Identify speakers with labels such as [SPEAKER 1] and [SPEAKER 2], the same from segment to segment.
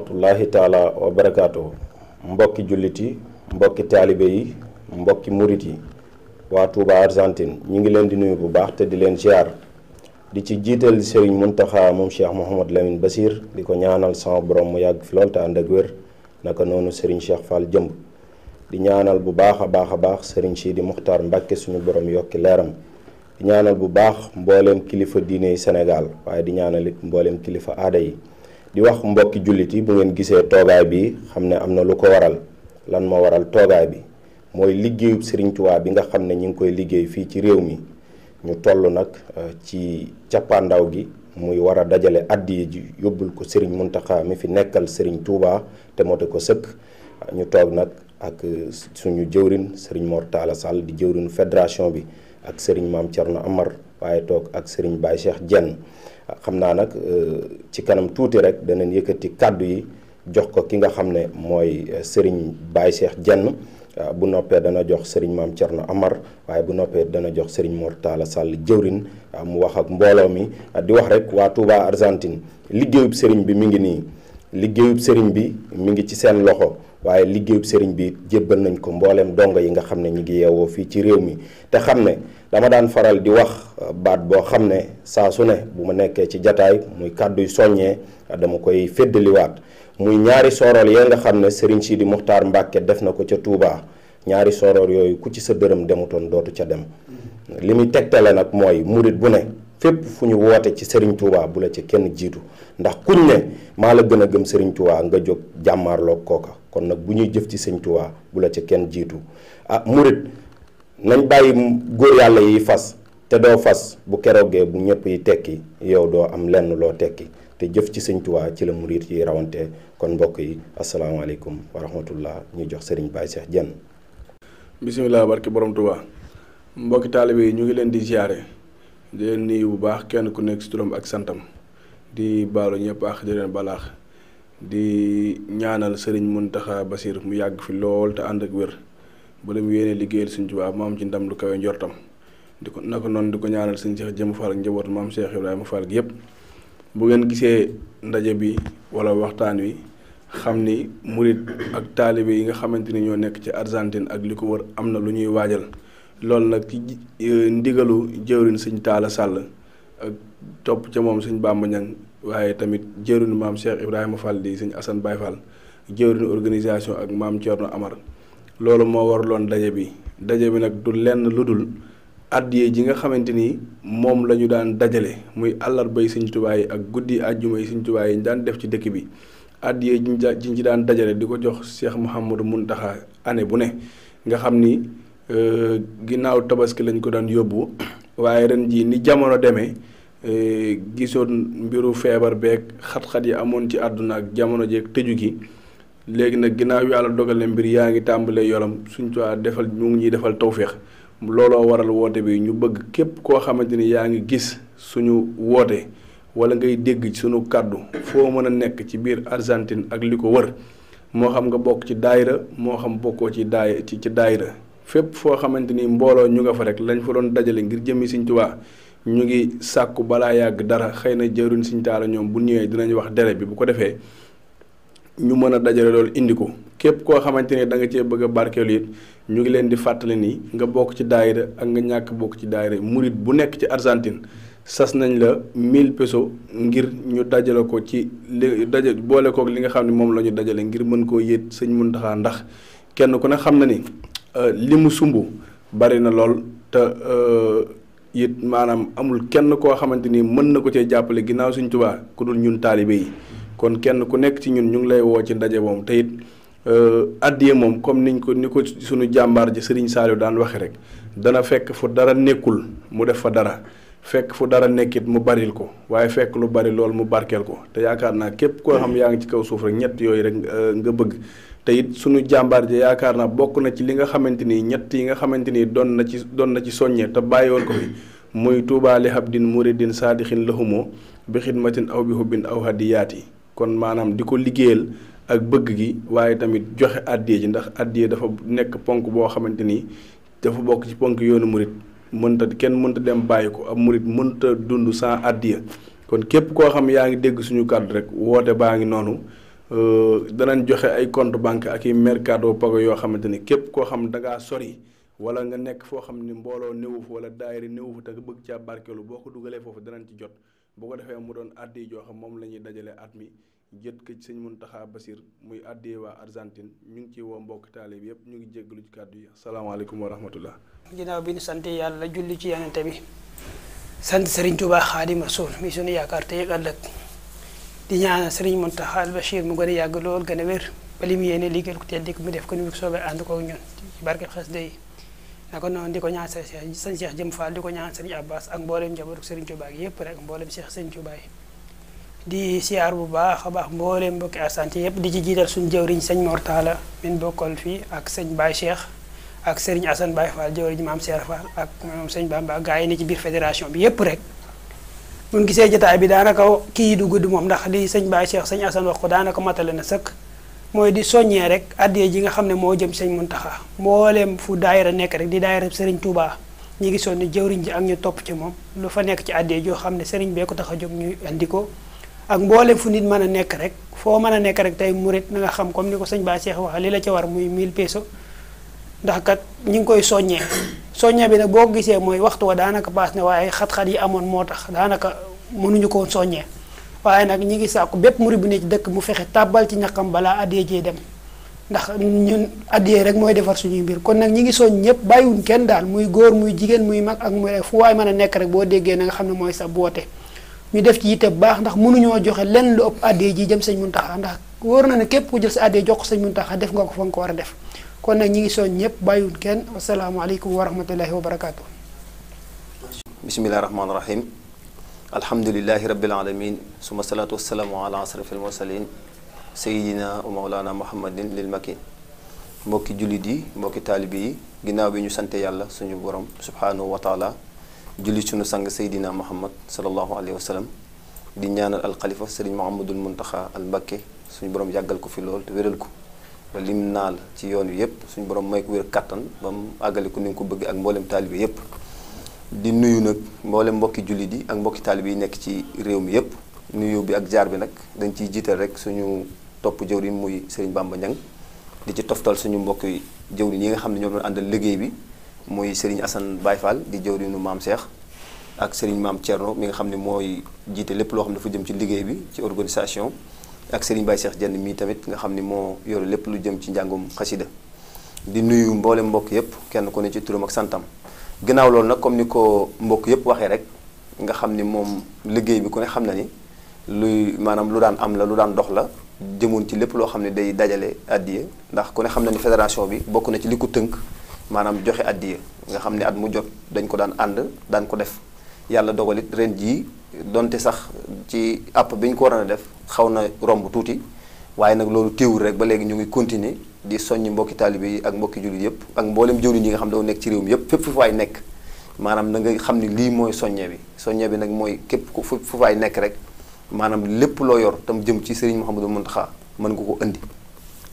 [SPEAKER 1] rahmatullahi taala wa barakaatu mbokki jullit yi mbokki taalibe yi mbokki murit yi waa Touba Argentine ñi ngi leen di nuyu bu baax te di leen ziar di ci jiital Serigne Mountakha moom Cheikh Mouhamad Lamine Basir di ko ñaanal sama borom mu yàgg fi lool ànd ak wér naka noonu Serigne Cheikh Fall jëmb di ñaanal bu baax a baax a baax Serigne Sidi Muxtaar Mbàkke suñu borom yokki leeram di ñaanal bu baax mbooleem kilifa diine senegal waaye di ñaanal it kilifa aada yi. di wax mbokki jullit yi bu ngeen gisee toogaay bi xam ne am na lu ko waral lan moo waral toogaay bi mooy liggéeyub sëriñ Touba bi nga xam ne ñu ngi koy liggéey fii ci réew mi ñu toll nag euh, ci cappaandaw gi muy war a dajale addiya ji yóbbul ko Serigne Mountakha mi fi nekkal Serigne Touba te mote ko sëkk ñu toog nag ak euh, suñu jëwrin Serigne Mor Talla di jëwrinu fédération bi ak Serigne Maam Thierno Amar waaye toog ak Serigne Baye Cheikh Dieng xam naa nag euh, ci kanam tuuti rek danañ yëkkati kàddu yi jox ko ki nga xam ne mooy euh, sëriñ Baye Cheikh jenn euh, bu noppee dana jox Serigne Maam Thierno Amar waaye bu noppee dana jox Serigne Mor Talla Sall jëwrin mu wax ak mbooloo mi di wax rekk waa Touba Argentine liggéeyub sëriñ bi mi ngi nii liggéeyub sëriñ bi mu ngi ci seen loxo. waaye liggéeyub sëriñ bi jébbal nañ ko mbooleem dongo yi nga xam ne ñu ngi yeewoo fii ci réew mi te xam ne dama daan faral di wax euh, baat boo xam ne saa su ne bu ma nekkee ci jataay muy kàddu kàdduy soññee dama koy féddaliwaat muy ñaari soorool ya nga xam ne sëriñ Sidi Muxtaar Mbàkke def na ko ca tuubaa ñaari soorool yooyu ku ci sa dërëm demutoon dootu ca dem mm-hmm. li muy tegtale nag mooy murit bu ne fépp fu ñu woote ci sëriñ Touba bu la ca kenn jiitu ndax kuñ ne maa la gën a gëm sëriñ Touba nga jóg jàmmaarloog kooka kon nag bu ñuy jëf ci Serigne Touba bu la ca kenn jiitu ah murit nañ bàyyi góor yàlla yi fas te doo fas bu keroogee bu ñëpp yi tekki yow doo am lenn loo tekki te jëf ci Serigne Touba ci la murit yi rawante kon mbokk yi asalaamaaleykum wa ñu jox sëriñ Baye Cheikh Dieng.
[SPEAKER 2] bisimilah barki borom Touba mbokki taalibe yi ñu ngi leen di ziare. di leen nuyu bu baax kenn ku nekk si turam ak santam di baalu ñëpp ak di leen balaax di ñaanal sëriñ mën tax Basiir mu yàgg fi lool te ànd ak wér ba mu yéene liggéeyal suñ tubaab mu am ci ndam lu kawe njortam di ko naka noonu di ko ñaanal suñ Cheikh Jëmm Fall ak njabootu maam Cheikh Ibrahima Fall gi yëpp bu ngeen gisee ndaje bi wala waxtaan wi xam ni murit ak taalibe yi nga xamante ni ñoo nekk ci Argentine ak li ko wër am na lu ñuy waajal. loolu nag ci euh, ndigalu jëwriñ sëñ Taala Sàll ak topp ca moom sëñ Bàmba waaye tamit jëwriñu maam Cheikh Ibrahima Fall di sëñ Assane Baye Fall jëwriñu organisation ak maam Thierno Amar loolu moo war waraloon daje bi daje bi nag du lenn lu dul àddiyee ji nga xamante ni moom la ñu daan dajale muy àllarbay sëñ Tuubaa yi ak guddi àjjuma yi sëñ Tuubaa yi ñu daan def ci dëkk bi àddiyee ji ñu ci daan dajale di ko jox Cheikh mun Mountakha année bu ne nga xam ni. Euh, ginnaaw tabaski lañ ko daan yóbbu waaye ren jii ni jamono demee euh, gisoon mbiru feebar beeg xat-xat yi amoon ci àdduna ak jamono jeeg tëju gi léegi nag ginnaaw yàlla dogal na mbir yaa ngi tàmbalee yoram suñ ko defal mu ngi ñuy defal tawféex looloo waral woote bi ñu bëgg képp koo xamante ni yaa ngi gis suñu woote wala ngay dégg suñu kàddu foo mën a nekk ci biir Argentine ak li ko wër moo xam nga bokk ci daayira moo xam bokkoo ci daay ci ci daayira fépp foo xamante ni mbooloo ñu nga fa rek lañ fa doon dajale ngir jëmmi Sëñ Tuubaa ñu ngi sàkku balaa yàgg dara xëy na jëruñ Sëñ Taala ñoom bu ñëwee dinañ wax délai bi bu ko defee ñu mën a dajale loolu indi ko képp koo xamante ni da nga cee bëgg a barkeelu it ñu ngi leen di fàttali nii nga bokk ci daayira ak nga ñàkk bokk ci daayira murit bu nekk ci Argentine sas nañ la 1000 peso ngir ñu dajale ko ci li boole kook li nga xam ne moom la ñu dajale ngir mën koo yéet sëñ Muntaxa ndax kenn ku ne xam na ni Euh, li mu sumb bari na lool te euh, it maanaam amul kenn koo xamante ni mën na ko cee jàppale ginnaaw Sëriñ Tuubaa ku dul ñun taalibe yi kon kenn ku nekk ci ñun ñu ngi lay woo ci ndaje moom te it euh, addiye moom comme niñ ko ni ko suñu jàmbaar ji Sëriñ Saaliw daan waxe rek dana fekk fu dara nekkul mu def fa dara fekk fu dara nekkit mu baril ko waaye fekk lu bari lool mu barkeel ko te yaakaar naa képp koo xam yaa ngi ci kaw suuf rek ñett yooyu rek nga bëgg te it sunu jàmbaar ji yaakaar naa bokk na ci li nga xamante ni ñett yi nga xamante ni doon na ci doon na ci soññee te bàyyi woon ko fi muy Touba li habdin muridin saadixin lahumoo bi xidmatin aw bi hubbin aw yi kon maanaam di ko liggéeyal ak bëgg gi waaye tamit joxe addiye ji ndax addiye dafa nekk ponk boo xamante ni dafa bokk ci ponk yoonu murit mënta kenn mënta dem bàyyi ko ab murit mënta dund sans addiya kon képp koo xam yaa ngi dégg suñu kàddu rek woote baa ngi noonu Euh, danañ joxe ay compte banque ak i mercado pago yoo xamante ni képp koo xam dangaa sori wala nga nekk foo xam ni mbooloo néewu fa wala daayira néewu fa te nga bëgg caa barkeelu boo ko dugalee foofu danañ ci jot boo ko defee mu doon addi joo xam moom la ñuy dajale at mi jët ko ci sëñ Muntaxa Basir muy addi waa Argentine ñu ngi ci woo mbokk taalib yëpp ñu ngi jéggalu ci kàddu yi asalaamaaleykum wa rahmatullah
[SPEAKER 3] ginnaaw bi ñu sant yàlla julli ci yonente bi sant Serigne Touba Xaadimu ak ëllëg di ñaanal sëriñ Mountakha al mu gën a yàgg lool gën a wér ba li mu yéene liggéeyal ku tedd mu def ko ni mu soobee ànd ko ak ñun ci barke xasida yi naka noonu di ko ñaan sëriñ Cheikh Jëm Fall di ko ñaan sëriñ Abbas ak mboolem njabootu sëriñ Touba gi yëpp rek mboolem Cheikh sëriñ Touba yi di siyaar bu baax a baax mbooleem mbokki asante yëpp di ci jiital suñ jëwriñ sëñ Mortala min bokkal fii ak sëñ Baye Cheikh ak sëriñ Assane Baye Fall jëwriñ maam Cheikh Fall ak moom sëñ Bamba gaa yi ni ci biir fédération bi yëpp rek mun gisee jotaay bi daanaka kii du gudd moom ndax li sëñ Baye Cheikh sëñ Assane wax ko daanaka matale na sëkk mooy di soññee rek addiya ji nga xam ne moo jëm sëñ Muntaxa mbooleem fu daayira nekk rek di daayira sëriñ tuubaa ñu ngi sonni jëwriñ ji ak ñu topp ci moom lu fa nekk ci addiya joo xam ne sëriñ bee ko tax a jóg ñu andi ko ak mbooleem fu nit mën a nekk rek foo mën a nekk rek tey murit na nga xam comme ni ko sëñ Baye Cheikh waxee li la ca war muy 1000 peso ndax kat ñi ngi koy soññee soñña bi nag boo gisee mooy waxtu wa daanaka paas ne waaye xat-xat yi amoon moo tax daanaka mënuñu koo soññee waaye nag ñi ngi sàkku bépp murid bu ne ci dëkk mu fexe tàbbal ci ñaqam balaa addee jee dem ndax ñun addee rek mooy defar suñuy mbir kon nag ñi ngi soñ ñëpp bàyyiwuñ kenn daal muy góor muy jigéen muy mag ak muy fu waay mën a nekk rek boo déggee na nga xam ne mooy sa boote ñu def ci yitte bu baax ndax mënuñoo joxe lenn lu ëpp addee ji jëm sëñ Muntaxa ndax na ne képp ku jël sa jox ko sëñ Muntaxa def nga ko fa ko war a def kon nag ñi ngi soñ ñëpp bàyyiwul kenn wasalaamaaleykum wa rahmatullahi wa barakaatu.
[SPEAKER 4] bismillahi rahmaani rahim alhamdulilahi rabbil alamin suma salaatu wasalaamu ala asrafil wa maulana mbokki jullit yi mbokki taalibe yi ginnaaw bi ñu sante yàlla suñu borom subhanahu wa taala julli suñu sang sayidina muhammad salallahu alayhi wa sallam di ñaanal alxalifa sëriñ muhammadul muntaxa al mbakke suñu borom yàggal ko fi loolu te wéral ko ba lim naal ci yoon wi yëpp suñu borom may ko wér kattan ba mu àggale ko ni nga ko bëgg ak mboolem taalibe yëpp di nuyu nag mboolem mbokki jullit yi ak mbokki taalibe yi nekk ci réew mi yëpp nuyu bi ak jaar bi nag dañ ciy jiital rek suñu topp jëwriñ muy Serigne Bamba Niang di ci toftal suñu mbokki jëwriñ yi nga xam ne ñoom doon àndal liggéey bi muy Serigne Assane baay Fall di jëwriñu maam seex ak Serigne maam Thierno mi nga xam ne mooy jiite lépp loo xam dafa jëm ci liggéey bi ci organisation. ak Serigne Baye Cheikh Dieng mii tamit nga xam ni moo yore lépp lu jëm ci njàngum xasida di nuyu mboolem mbokk yëpp kenn ku ne ci turam ak santam ginnaaw loolu nag comme ni ko mbokk yëpp waxee rek nga xam ni moom liggéey bi ku ne xam na ni luy maanaam lu daan am la lu daan dox la jëmoon ci lépp loo xam ne day dajale addiya ndax ku ne xam na ni fédération bi bokk na ci li ko tënk maanaam joxe addiya nga xam ne at mu jot dañ ko daan ànd daan ko def yàlla dogalit ren jii donte sax ci app bi ko war a def xaw na romb tuuti waaye nag loolu téewul rek ba léegi ñu ngi continuer di soññ mbokki taalibe yi ak mbokki jullit yëpp ak mboolem jëwriñ yi nga xam ne doo nekk ci réew yëpp fépp fu nekk maanaam na nga xam ne lii mooy soññe bi soññe bi nag mooy képp ku fu waay nekk rek maanaam lépp loo yor tam jëm ci Serigne Mouhamadou Mountakha mën nga ko indi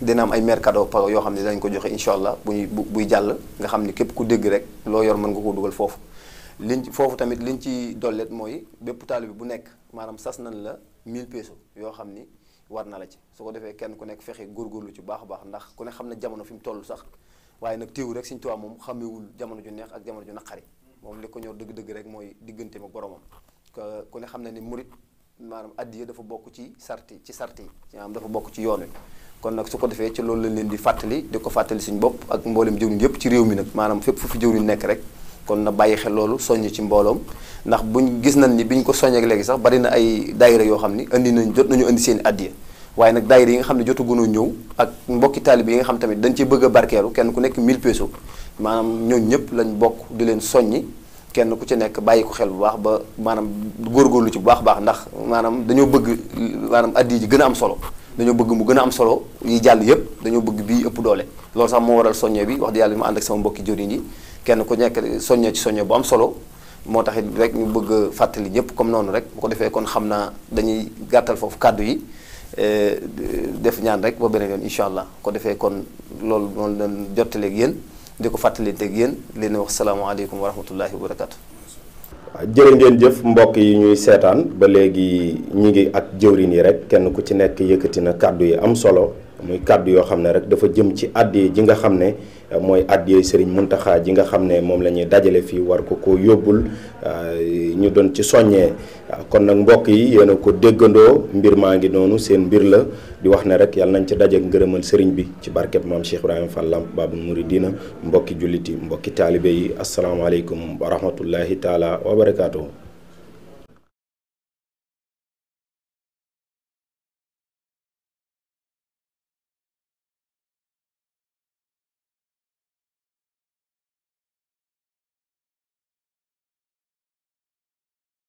[SPEAKER 4] dina am ay maire pa yoo xam ne danañ ko joxe incha allah buñuy buy jàll nga xam ne képp ku dégg rek loo yor mën nga koo dugal foofu liñ foofu tamit liñ ci dollet mooy bépp taalibe bu nekk maanaam sas nañ la mil peeso yoo xam ni war na la ci su ko defee kenn ku nekk fexe góorgóorlu ci baax a baax ndax ku ne xam na jamono fi mu toll sax waaye nag téewu rek Sëñ Tuubaa moom xamewul jamono ju neex ak jamono ju naqari moom li ko ñor dëgg-dëgg rek mooy diggante ma boromam ku ne xam ne ni murit maanaam addiya dafa bokk ci sarti ci sarti yi am dafa bokk ci yoon wi kon nag su ko defee ci loolu lañ leen di fàttali di ko fàttali suñu bopp ak mboolem jëwriñ yëpp ci réew mi nag maanaam fépp fu fi jëwriñ nekk rek kon na bàyyi xel loolu soññ ci mbooloom ndax buñ gis nañ ni bi biñ ko soññee léegi sax bari na ay daayira yoo xam ni indi nañ jot nañu indi seen i addiya waaye nag daayira yi nga xam ne jotagunoo ñëw ak mbokki taalibe yi nga xam tamit dañu ci bëgg a barkeelu kenn ku nekk 1000 maanaam ñooñu ñëpp lañ bokk di leen soññi kenn ku ci nekk bàyyi ko xel bu baax ba maanaam góorgóorlu ci bu baax baax ndax maanaam dañoo bëgg maanaam addiya ji gën a am solo dañoo bëgg mu gën a am solo yi jàll yëpp dañoo bëgg bii ëpp doole loolu sax moo waral soññe bi wax di yàlla bi ma ànd ak sama mbokki joriñ yi kenn ku nekk soññe ci soññe bu am solo moo tax it rek ñu bëgg fàttali ñëpp comme noonu rek bu ko defee kon xam naa dañuy gàttal foofu kàddu yi eh, def ñaan rek ba beneen yoon incha allah ko defee kon loolu noonu leen jottaleeg yéen di ko fàttalinteeg yéen leen wax salaamaaleykum wa rahmatullahi wa barakaatu.
[SPEAKER 1] jërë ngeen jëf mbokk yi ñuy seetaan ba léegi ñi ngi ak jëwriñ yi rek kenn ku ci nekk yëkkati na kàddu yi am solo. muy kàddu yoo xam ne rek dafa jëm ci addiye ji nga xam ne euh, mooy addiye sëriñ Muntaxa ji nga xam ne moom la ñuy dajale fii war ko ko yóbbul euh, ñu doon ci soññee euh, kon nag mbokk yi yéen a ko dëggandoo mbir maa ngi noonu seen mbir la di wax ne rek yàlla nañ ci daje ngërëmal sëriñ bi ci barkeb maam Cheikh Ibrahima Fall Lamp Baabul Muridiina mbokki jullit yi mbokki taalibe yi asalaamaaleykum wa rahmatullahi taala wa